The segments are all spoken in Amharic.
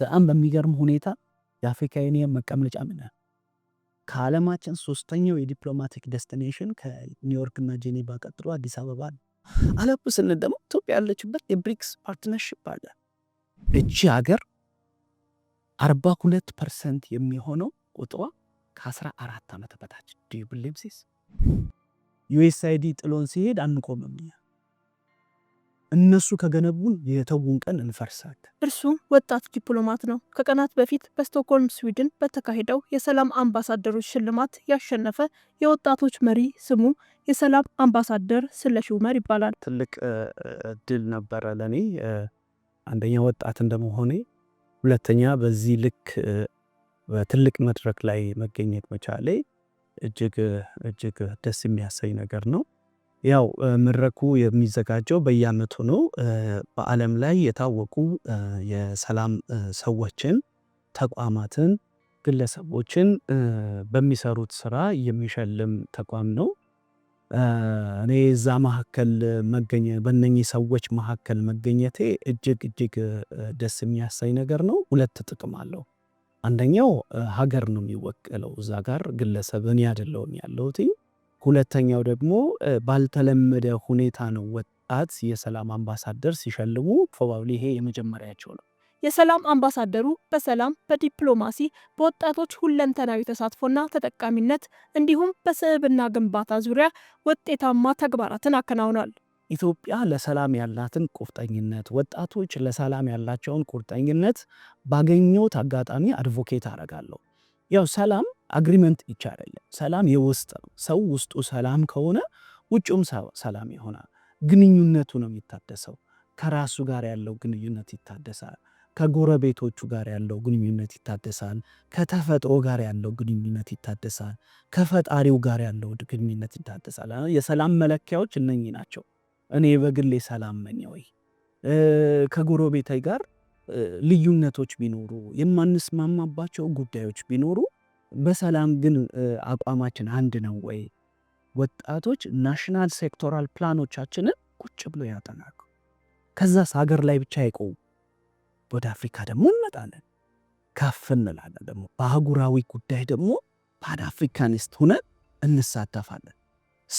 በጣም በሚገርም ሁኔታ የአፍሪካ ዩኒየን መቀመጫ ምነ ከዓለማችን ሶስተኛው የዲፕሎማቲክ ዴስቲኔሽን ከኒውዮርክ እና ጄኔቫ ቀጥሎ አዲስ አበባ ነው። አለፉ ስንል ደግሞ ኢትዮጵያ ያለችበት የብሪክስ ፓርትነርሽፕ አለ። እቺ ሀገር አርባ ሁለት ፐርሰንት የሚሆነው ቁጥሯ ከአስራ አራት ዓመት በታች ዲዩ ብሌምሲስ ዩኤስአይዲ ጥሎን ሲሄድ አንቆምም። እነሱ ከገነቡን የተውን ቀን እንፈርሳለን። እርሱም ወጣት ዲፕሎማት ነው። ከቀናት በፊት በስቶክሆልም ስዊድን በተካሄደው የሰላም አምባሳደሮች ሽልማት ያሸነፈ የወጣቶች መሪ ስሙ የሰላም አምባሳደር ስለሺ ዑመር ይባላል። ትልቅ እድል ነበረ ለእኔ አንደኛ ወጣት እንደመሆኔ፣ ሁለተኛ በዚህ ልክ በትልቅ መድረክ ላይ መገኘት መቻሌ እጅግ እጅግ ደስ የሚያሰኝ ነገር ነው። ያው መድረኩ የሚዘጋጀው በየአመቱ ነው። በዓለም ላይ የታወቁ የሰላም ሰዎችን፣ ተቋማትን፣ ግለሰቦችን በሚሰሩት ስራ የሚሸልም ተቋም ነው። እኔ እዛ መካከል መገኘት በእነኚህ ሰዎች መካከል መገኘቴ እጅግ እጅግ ደስ የሚያሳይ ነገር ነው። ሁለት ጥቅም አለው። አንደኛው ሀገር ነው የሚወቀለው እዛ ጋር ግለሰብ እኔ ያለውትኝ። ሁለተኛው ደግሞ ባልተለመደ ሁኔታ ነው ወጣት የሰላም አምባሳደር ሲሸልሙ ፎባብሊ ይሄ የመጀመሪያቸው ነው። የሰላም አምባሳደሩ በሰላም በዲፕሎማሲ በወጣቶች ሁለንተናዊ ተሳትፎና ተጠቃሚነት እንዲሁም በስብዕና ግንባታ ዙሪያ ውጤታማ ተግባራትን አከናውኗል። ኢትዮጵያ ለሰላም ያላትን ቁርጠኝነት፣ ወጣቶች ለሰላም ያላቸውን ቁርጠኝነት ባገኘሁት አጋጣሚ አድቮኬት አደርጋለሁ። ያው ሰላም አግሪመንት ብቻ አይደለም። ሰላም የውስጥ ነው። ሰው ውስጡ ሰላም ከሆነ ውጭም ሰላም ይሆናል። ግንኙነቱ ነው የሚታደሰው። ከራሱ ጋር ያለው ግንኙነት ይታደሳል። ከጎረቤቶቹ ጋር ያለው ግንኙነት ይታደሳል። ከተፈጥሮ ጋር ያለው ግንኙነት ይታደሳል። ከፈጣሪው ጋር ያለው ግንኙነት ይታደሳል። የሰላም መለኪያዎች እነኚህ ናቸው። እኔ በግሌ ሰላም ነኝ ወይ? ከጎረቤቴ ጋር ልዩነቶች ቢኖሩ የማንስማማባቸው ጉዳዮች ቢኖሩ በሰላም ግን አቋማችን አንድ ነው ወይ? ወጣቶች ናሽናል ሴክቶራል ፕላኖቻችንን ቁጭ ብሎ ያጠናሉ። ከዛስ ሀገር ላይ ብቻ አይቆሙ። ወደ አፍሪካ ደግሞ እንመጣለን፣ ከፍ እንላለን። ደግሞ በአህጉራዊ ጉዳይ ደግሞ ፓን አፍሪካኒስት ሁነን እንሳተፋለን።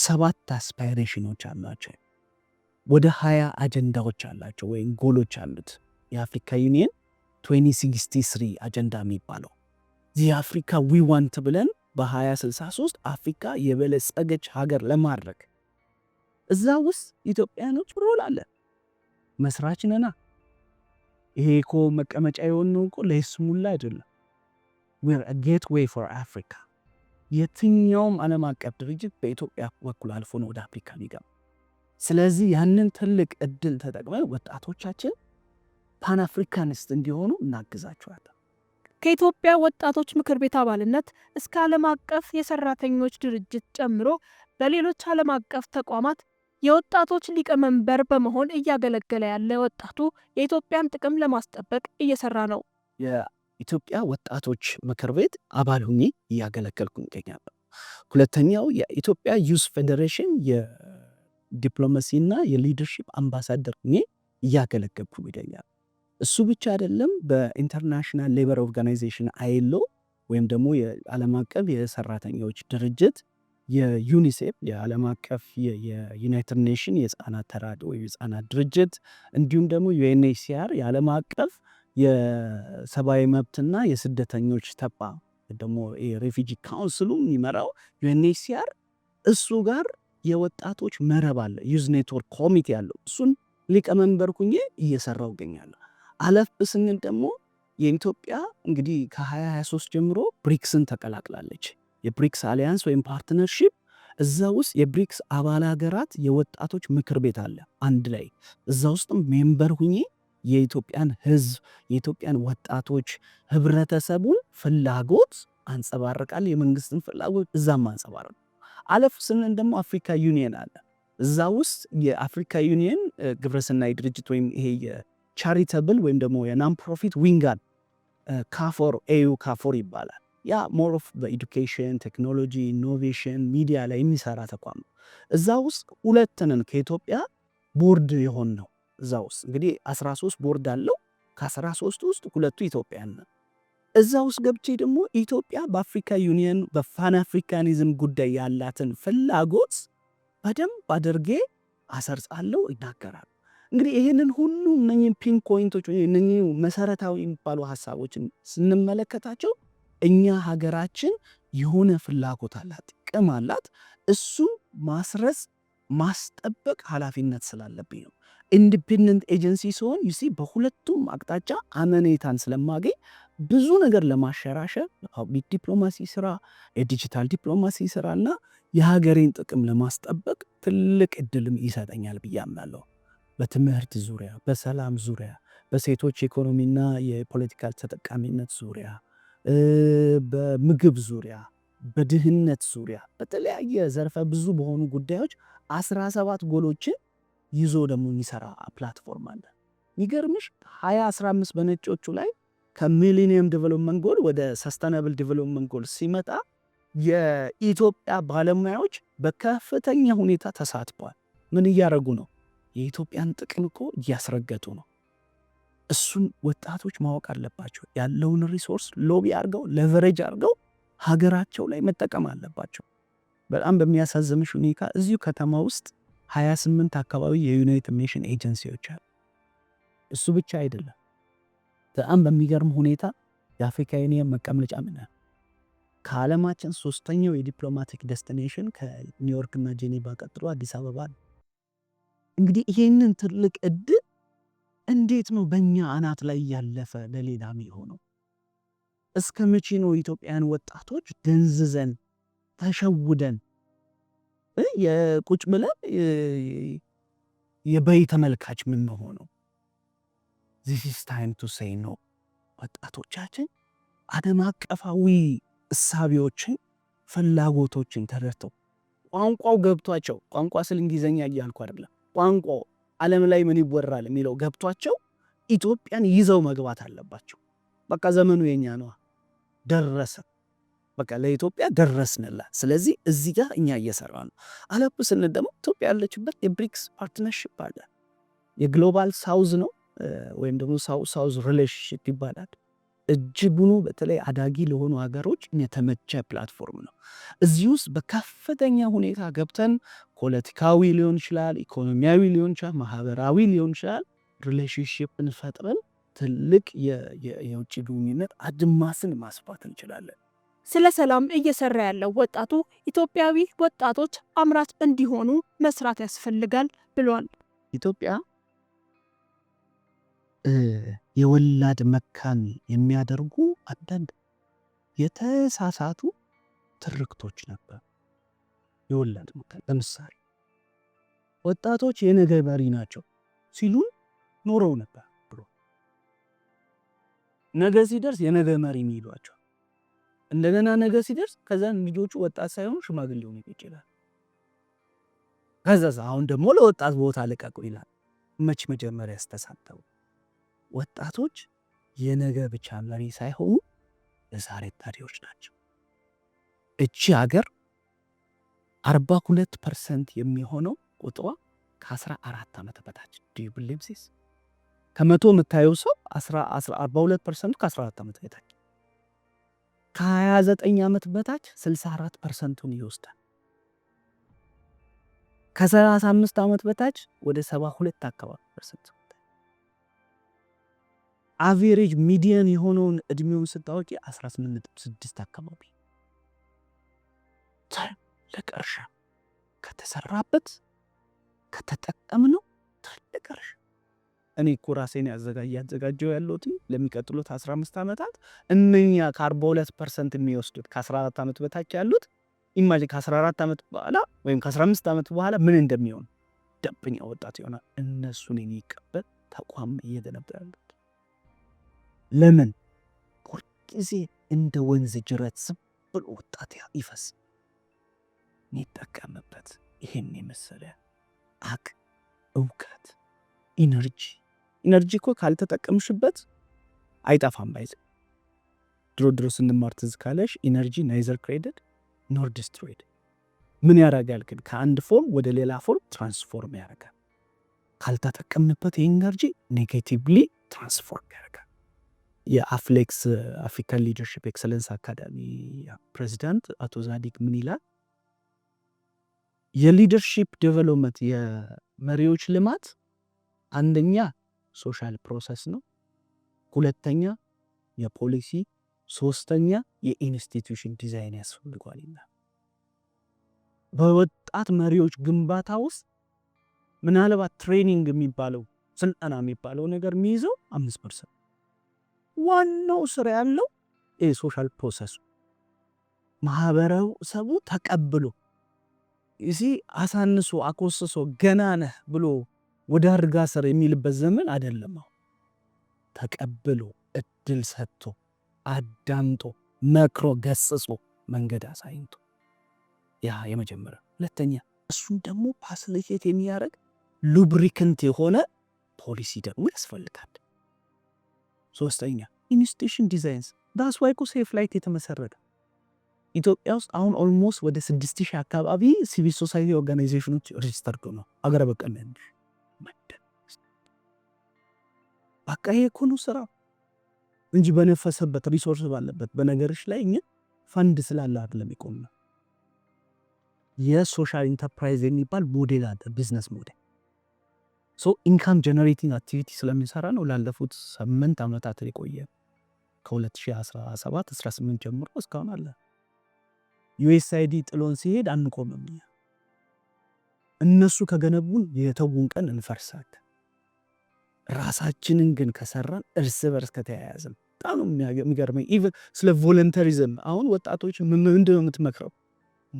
ሰባት አስፓይሬሽኖች አሏቸው። ወደ ሀያ አጀንዳዎች አላቸው ወይም ጎሎች አሉት። የአፍሪካ ዩኒየን 2063 አጀንዳ የሚባለው ዚህ አፍሪካ ዊ ዋንት ብለን በ2063 አፍሪካ የበለጸገች ሀገር ለማድረግ እዛ ውስጥ ኢትዮጵያኖች ሮል አለ። መስራች ነና። ይሄ እኮ መቀመጫ የሆነው እኮ ለይስሙላ አይደለም። ዌር ጌትዌይ ፎር አፍሪካ። የትኛውም ዓለም አቀፍ ድርጅት በኢትዮጵያ በኩል አልፎ ነው ወደ አፍሪካ ሚገባ። ስለዚህ ያንን ትልቅ እድል ተጠቅመን ወጣቶቻችን አፍሪካንስት እንዲሆኑ እናግዛቸዋለን። ከኢትዮጵያ ወጣቶች ምክር ቤት አባልነት እስከ ዓለም አቀፍ የሰራተኞች ድርጅት ጨምሮ በሌሎች ዓለም አቀፍ ተቋማት የወጣቶች ሊቀመንበር በመሆን እያገለገለ ያለ ወጣቱ የኢትዮጵያን ጥቅም ለማስጠበቅ እየሰራ ነው። የኢትዮጵያ ወጣቶች ምክር ቤት አባል ሁኜ እያገለገልኩ ይገኛለሁ። ሁለተኛው የኢትዮጵያ ዩስ ፌዴሬሽን የዲፕሎማሲና የሊደርሺፕ አምባሳደር ሁኜ እያገለገልኩ ይገኛል። እሱ ብቻ አይደለም። በኢንተርናሽናል ሌበር ኦርጋናይዜሽን አይሎ ወይም ደግሞ የዓለም አቀፍ የሰራተኞች ድርጅት የዩኒሴፍ የዓለም አቀፍ የዩናይትድ ኔሽን የህፃናት ተራድኦ የህፃናት ድርጅት እንዲሁም ደግሞ ዩኤንኤችሲአር የዓለም አቀፍ የሰብአዊ መብትና የስደተኞች ተቋ ደግሞ የሬፊጂ ካውንስሉ የሚመራው ዩኤንኤችሲአር እሱ ጋር የወጣቶች መረብ አለ ዩዝ ኔትወርክ ኮሚቴ አለው። እሱን ሊቀመንበር ሁኜ እየሰራው እገኛለሁ። አለፍ ስንል ደግሞ የኢትዮጵያ እንግዲህ ከ2023 ጀምሮ ብሪክስን ተቀላቅላለች። የብሪክስ አሊያንስ ወይም ፓርትነርሺፕ እዛ ውስጥ የብሪክስ አባል ሀገራት የወጣቶች ምክር ቤት አለ። አንድ ላይ እዛ ውስጥም ሜምበር ሁኜ የኢትዮጵያን ህዝብ የኢትዮጵያን ወጣቶች ህብረተሰቡን ፍላጎት አንጸባርቃል። የመንግስትን ፍላጎት እዛም አንጸባርቅ። አለፍ ስንል ደግሞ አፍሪካ ዩኒየን አለ። እዛ ውስጥ የአፍሪካ ዩኒየን ግብረሰናይ ድርጅት ወይም ይሄ ቻሪተብል ወይም ደግሞ የናን ፕሮፊት ዊንጋን ካፎር ኤዩ ካፎር ይባላል። ያ ሞር ኦፍ በኤዱኬሽን ቴክኖሎጂ፣ ኢኖቬሽን፣ ሚዲያ ላይ የሚሰራ ተቋም ነው። እዛ ውስጥ ሁለትንን ከኢትዮጵያ ቦርድ የሆን ነው። እዛ ውስጥ እንግዲህ 13 ቦርድ አለው። ከ13 ውስጥ ሁለቱ ኢትዮጵያን ነው። እዛ ውስጥ ገብቼ ደግሞ ኢትዮጵያ በአፍሪካ ዩኒየን በፋን አፍሪካኒዝም ጉዳይ ያላትን ፍላጎት በደንብ አድርጌ አሰርጻለሁ፣ ይናገራል እንግዲህ ይህንን ሁሉ እነኚህ ፒን ፖይንቶች እነኚህ መሰረታዊ የሚባሉ ሀሳቦችን ስንመለከታቸው እኛ ሀገራችን የሆነ ፍላጎት አላት፣ ጥቅም አላት። እሱ ማስረጽ ማስጠበቅ ኃላፊነት ስላለብኝ ነው። ኢንዲፔንደንት ኤጀንሲ ሲሆን ዩሲ በሁለቱም አቅጣጫ አመኔታን ስለማገኝ ብዙ ነገር ለማሸራሸር ፐብሊክ ዲፕሎማሲ ስራ፣ የዲጂታል ዲፕሎማሲ ስራ እና የሀገሬን ጥቅም ለማስጠበቅ ትልቅ እድልም ይሰጠኛል ብዬ አምናለሁ። በትምህርት ዙሪያ፣ በሰላም ዙሪያ፣ በሴቶች ኢኮኖሚና የፖለቲካል ተጠቃሚነት ዙሪያ፣ በምግብ ዙሪያ፣ በድህነት ዙሪያ፣ በተለያየ ዘርፈ ብዙ በሆኑ ጉዳዮች አስራ ሰባት ጎሎችን ይዞ ደግሞ የሚሰራ ፕላትፎርም አለ። የሚገርምሽ 2015 በነጮቹ ላይ ከሚሊኒየም ዲቨሎፕመንት ጎል ወደ ሰስተናብል ዲቨሎፕመንት ጎል ሲመጣ የኢትዮጵያ ባለሙያዎች በከፍተኛ ሁኔታ ተሳትፏል። ምን እያደረጉ ነው? የኢትዮጵያን ጥቅም እኮ እያስረገጡ ነው። እሱን ወጣቶች ማወቅ አለባቸው። ያለውን ሪሶርስ ሎቢ አርገው ለቨሬጅ አድርገው ሀገራቸው ላይ መጠቀም አለባቸው። በጣም በሚያሳዝምሽ ሁኔታ እዚሁ ከተማ ውስጥ 28 አካባቢ የዩናይትድ ኔሽን ኤጀንሲዎች አሉ። እሱ ብቻ አይደለም። በጣም በሚገርም ሁኔታ የአፍሪካ ዩኒየን መቀመጫ ምን ከዓለማችን ሶስተኛው የዲፕሎማቲክ ደስቲኔሽን ከኒውዮርክና ጄኔቫ ቀጥሎ አዲስ አበባ ነው። እንግዲህ ይህንን ትልቅ እድል እንዴት ነው በእኛ አናት ላይ ያለፈ ለሌላ የሚሆነው? እስከ መቼ ነው ኢትዮጵያን ወጣቶች ደንዝዘን ተሸውደን የቁጭ ብለን የበይ ተመልካች የምንሆነው? ዚስ ኢዝ ታይም ቱ ሴይ ኖ። ወጣቶቻችን ዓለም አቀፋዊ እሳቢዎችን ፍላጎቶችን ተረድተው ቋንቋው ገብቷቸው ቋንቋ ስል እንግሊዝኛ እያልኩ አይደለም ቋንቋ ዓለም ላይ ምን ይወራል የሚለው ገብቷቸው ኢትዮጵያን ይዘው መግባት አለባቸው። በቃ ዘመኑ የኛ ነዋ፣ ደረሰ በቃ ለኢትዮጵያ ደረስንላት። ስለዚህ እዚህ ጋር እኛ እየሰራ ነው። አለብ ስንል ደግሞ ኢትዮጵያ ያለችበት የብሪክስ ፓርትነርሽፕ አለ። የግሎባል ሳውዝ ነው ወይም ደግሞ ሳውዝ ሪሌሽንሽፕ ይባላል። እጅጉኑ በተለይ አዳጊ ለሆኑ ሀገሮች የተመቸ ፕላትፎርም ነው። እዚህ ውስጥ በከፍተኛ ሁኔታ ገብተን ፖለቲካዊ ሊሆን ይችላል፣ ኢኮኖሚያዊ ሊሆን ይችላል፣ ማህበራዊ ሊሆን ይችላል፣ ሪሌሽንሽፕን ፈጥረን ትልቅ የውጭ ግንኙነት አድማስን ማስፋት እንችላለን። ስለ ሰላም እየሰራ ያለው ወጣቱ ኢትዮጵያዊ ወጣቶች አምራች እንዲሆኑ መስራት ያስፈልጋል ብሏል። ኢትዮጵያ የወላድ መካን የሚያደርጉ አንዳንድ የተሳሳቱ ትርክቶች ነበር። የወላድ መካን ለምሳሌ ወጣቶች የነገ መሪ ናቸው ሲሉን ኖረው ነበር ብሎ ነገ ሲደርስ የነገ መሪ የሚሏቸው እንደገና ነገ ሲደርስ ከዛን ልጆቹ ወጣት ሳይሆኑ ሽማግሌ ሊሆኑ ይችላል። ከዛ አሁን ደግሞ ለወጣት ቦታ ልቀቁ ይላል። መች መጀመሪያ ያስተሳተቡ ወጣቶች የነገ ብቻ መሪ ሳይሆኑ የዛሬ ታሪዎች ናቸው። እቺ ሀገር 42 ፐርሰንት የሚሆነው ቁጥሯ ከ14 ዓመት በታች ዲብሊምሲስ ከመቶ የምታየው ሰው 42 ፐርሰንቱ ከ14 ዓመት በታች ከ29 ዓመት በታች 64 ፐርሰንቱን ይወስዳል። ከ35 ዓመት በታች ወደ 72 አካባቢ ፐርሰንት አቬሬጅ ሚዲየን የሆነውን እድሜውን ስታወቂ 186 አካባቢ ለቀርሻ ከተሰራበት ከተጠቀም ነው ትልቅ እርሻ። እኔ እኮ ራሴን ያዘጋጀው ያለሁት ለሚቀጥሉት 15 ዓመታት እነኛ ከ42 ፐርሰንት የሚወስዱት ከ14 ዓመት በታች ያሉት ኢማጂን ከ14 ዓመት በኋላ ወይም ከ15 ዓመት በኋላ ምን እንደሚሆን ደብኛ ወጣት ይሆናል። እነሱን የሚቀበል ተቋም እየገነባ ያለ ለምን ሁልጊዜ እንደ ወንዝ ጅረት ዝም ብሎ ወጣት ይፈስ የሚጠቀምበት ይሄን የመሰለ አቅ እውቀት ኢነርጂ ኢነርጂ እኮ ካልተጠቀምሽበት አይጠፋም። ባይዘ ድሮ ድሮ ስንማር ትዝ ካለሽ ኢነርጂ ናይዘር ክሬድድ ኖር ዲስትሮይድ። ምን ያደርጋል ግን? ከአንድ ፎርም ወደ ሌላ ፎርም ትራንስፎርም ያደርጋል። ካልተጠቀምንበት የኢነርጂ ኔጌቲቭሊ ትራንስፎርም ያደርጋል። የአፍሌክስ አፍሪካን ሊደርሽፕ ኤክሰለንስ አካዳሚ ፕሬዚዳንት አቶ ዛዲግ ምን ይላል? የሊደርሽፕ ዴቨሎፕመንት የመሪዎች ልማት አንደኛ ሶሻል ፕሮሰስ ነው፣ ሁለተኛ የፖሊሲ፣ ሶስተኛ የኢንስቲትዩሽን ዲዛይን ያስፈልጓል ይላል። በወጣት መሪዎች ግንባታ ውስጥ ምናልባት ትሬኒንግ የሚባለው ስልጠና የሚባለው ነገር የሚይዘው አምስት ፐርሰንት ዋናው ስራ ያለው የሶሻል ፕሮሰሱ ማህበረሰቡ ተቀብሎ እዚ አሳንሶ አኮስሶ ገና ነህ ብሎ ወደ አርጋ ስር የሚልበት ዘመን አይደለም። ተቀብሎ እድል ሰጥቶ አዳምጦ መክሮ ገስጾ መንገድ አሳይንቶ ያ የመጀመሪያ። ሁለተኛ እሱን ደግሞ ፓስልኬት የሚያደርግ ሉብሪክንት የሆነ ፖሊሲ ደግሞ ያስፈልጋል። ሶስተኛ ኢንስቲቱሽን ዲዛይንስ ዳስ ዋይ እኮ ሴፍ ላይት የተመሰረተ ኢትዮጵያ ውስጥ አሁን ኦልሞስት ወደ ስድስት ሺህ አካባቢ ሲቪል ሶሳይቲ ኦርጋናይዜሽኖች ሬጅስተር ነው አገረ በቀል በቃ ይሄ እኮ ነው ስራ እንጂ በነፈሰበት ሪሶርስ ባለበት በነገሮች ላይ እኛ ፈንድ ስላለ አይደለም የቆምነው። የሶሻል ኢንተርፕራይዝ የሚባል ሞዴል አለ፣ ቢዝነስ ሞዴል ኢንካም ጀነሬቲንግ አክቲቪቲ ስለሚሰራ ነው። ላለፉት ስምንት ዓመታት የቆየ ከ2017 18 ጀምሮ እስካሁን አለ። ዩኤስአይዲ ጥሎን ሲሄድ አንቆምም። እነሱ ከገነቡን የተውን ቀን እንፈርሳለን። ራሳችንን ግን ከሰራን እርስ በርስ ከተያያዘም በጣም የሚገርመኝ ስለ ቮለንተሪዝም አሁን ወጣቶች ምንድነው የምትመክረው?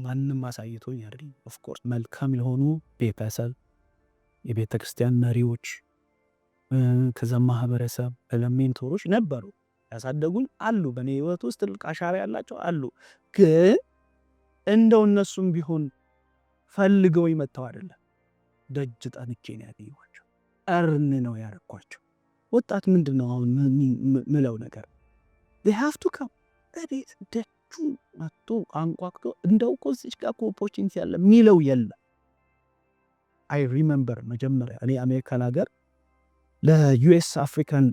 ማንም አሳይቶኝ አይደለም። ኦፍኮርስ መልካም የሆኑ ቤተሰብ የቤተ ክርስቲያን መሪዎች፣ ከዛ ማህበረሰብ ሜንቶሮች ነበሩ። ያሳደጉኝ አሉ። በእኔ ህይወት ውስጥ ትልቅ አሻራ ያላቸው አሉ። ግን እንደው እነሱም ቢሆን ፈልገው ይመጣው አይደለም። ደጅ ጠንቼ ነው ያገኘኋቸው። እርን ነው ያረኳቸው። ወጣት ምንድን ነው አሁን ምለው ነገር ሀፍ ቱ ካም እቤት ደጁ መቶ አንቋቅቶ እንደው ኮዚች ጋር እኮ ኦፖርቹኒቲ ያለ የሚለው የለም አይ ሪመምበር መጀመሪያ እኔ አሜሪካን ሀገር ለዩኤስ አፍሪካን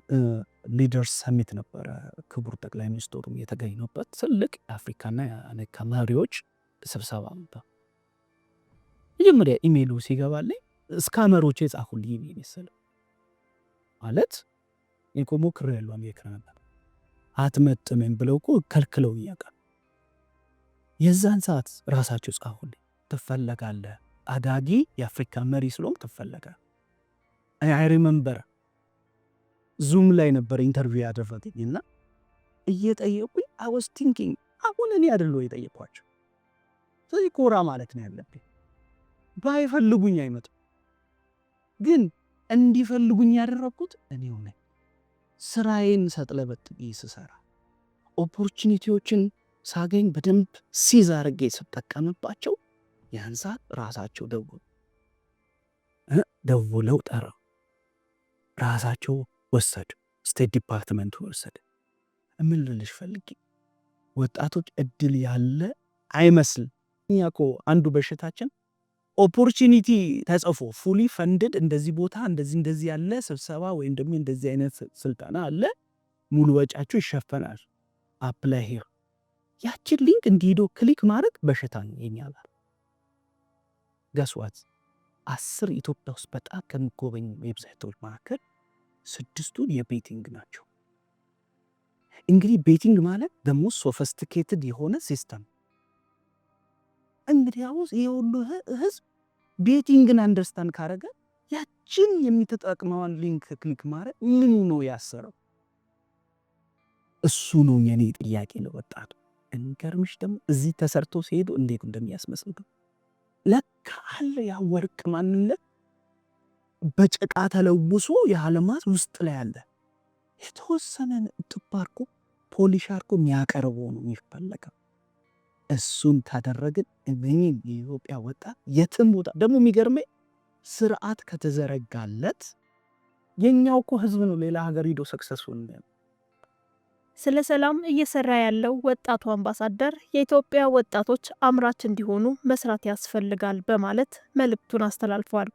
ሊደርስ ሰሚት ነበረ። ክቡር ጠቅላይ ሚኒስትሩ የተገኙበት ትልቅ የአፍሪካና የአሜሪካ መሪዎች ስብሰባ ነበር። መጀመሪያ ኢሜይሉ ሲገባልኝ እስካመሮቼ ጻፉልኝ ኢሜይል መሰለ ማለት እኮ ያሉ አሜሪካ ነበር አትመጥምም ብለው እኮ ከልክለው እያቀር የዛን ሰዓት ራሳቸው ጻፉልኝ ትፈለጋለህ አዳጊ የአፍሪካ መሪ ስለሆን ተፈለገ። አይ ሪመምበር ዙም ላይ ነበር ኢንተርቪው ያደረገኝ እና እየጠየቁኝ አወስ ቲንኪንግ አሁን እኔ አደለ የጠየኳቸው። ስለዚህ ኮራ ማለት ነው ያለብኝ። ባይፈልጉኝ አይመጡም፣ ግን እንዲፈልጉኝ ያደረግኩት እኔው ነ ስራዬን ሰጥለበጥዬ ስሰራ ኦፖርቹኒቲዎችን ሳገኝ በደንብ ሲዝ አድርጌ ስጠቀምባቸው ያን ሰዓት ራሳቸው ደውለው ደውለው ጠራ። ራሳቸው ወሰዱ። ስቴት ዲፓርትመንቱ ወሰደ። እምልልሽ ፈልጊ ወጣቶች እድል ያለ አይመስልም። እኛ እኮ አንዱ በሽታችን ኦፖርቹኒቲ ተጽፎ ፉሊ ፈንድድ እንደዚህ ቦታ እንደዚህ እንደዚህ ያለ ስብሰባ ወይም ደግሞ እንደዚህ አይነት ስልጠና አለ፣ ሙሉ ወጫችሁ ይሸፈናል፣ አፕላይ ሄር ያችን ሊንክ እንዲሄዶ ክሊክ ማድረግ በሽታ ይኛላል። ገስዋት አስር ኢትዮጵያ ውስጥ በጣም ከሚጎበኙ ዌብሳይቶች መካከል ስድስቱን የቤቲንግ ናቸው። እንግዲህ ቤቲንግ ማለት ደሞስ ሶፈስቲኬትድ የሆነ ሲስተም እንግዲህ አሁን የሁሉ ህዝብ ቤቲንግን አንደርስታንድ ካረገ ያችን የሚተጠቅመዋን ሊንክ ክሊክ ማድረግ ምኑ ነው ያሰረው? እሱ ነው የኔ ጥያቄ ለወጣቱ። የሚገርምሽ ደግሞ እዚህ ተሰርቶ ሲሄዱ እንዴት እንደሚያስመስል ለካ ካለ ያ ወርቅ ማንነት በጭቃ ተለውሶ የአልማዝ ውስጥ ላይ አለ። የተወሰነን ጥብ አርጎ ፖሊሽ አርጎ የሚያቀርበው ነው የሚፈለገው። እሱን ታደረግን እኔ የኢትዮጵያ ወጣት የትም ቦታ ደግሞ የሚገርመ ስርዓት ከተዘረጋለት የእኛው እኮ ህዝብ ነው ሌላ ሀገር ሂዶ ሰክሰሱን ስለ ሰላም እየሰራ ያለው ወጣቱ አምባሳደር የኢትዮጵያ ወጣቶች አምራች እንዲሆኑ መስራት ያስፈልጋል በማለት መልእክቱን አስተላልፏል።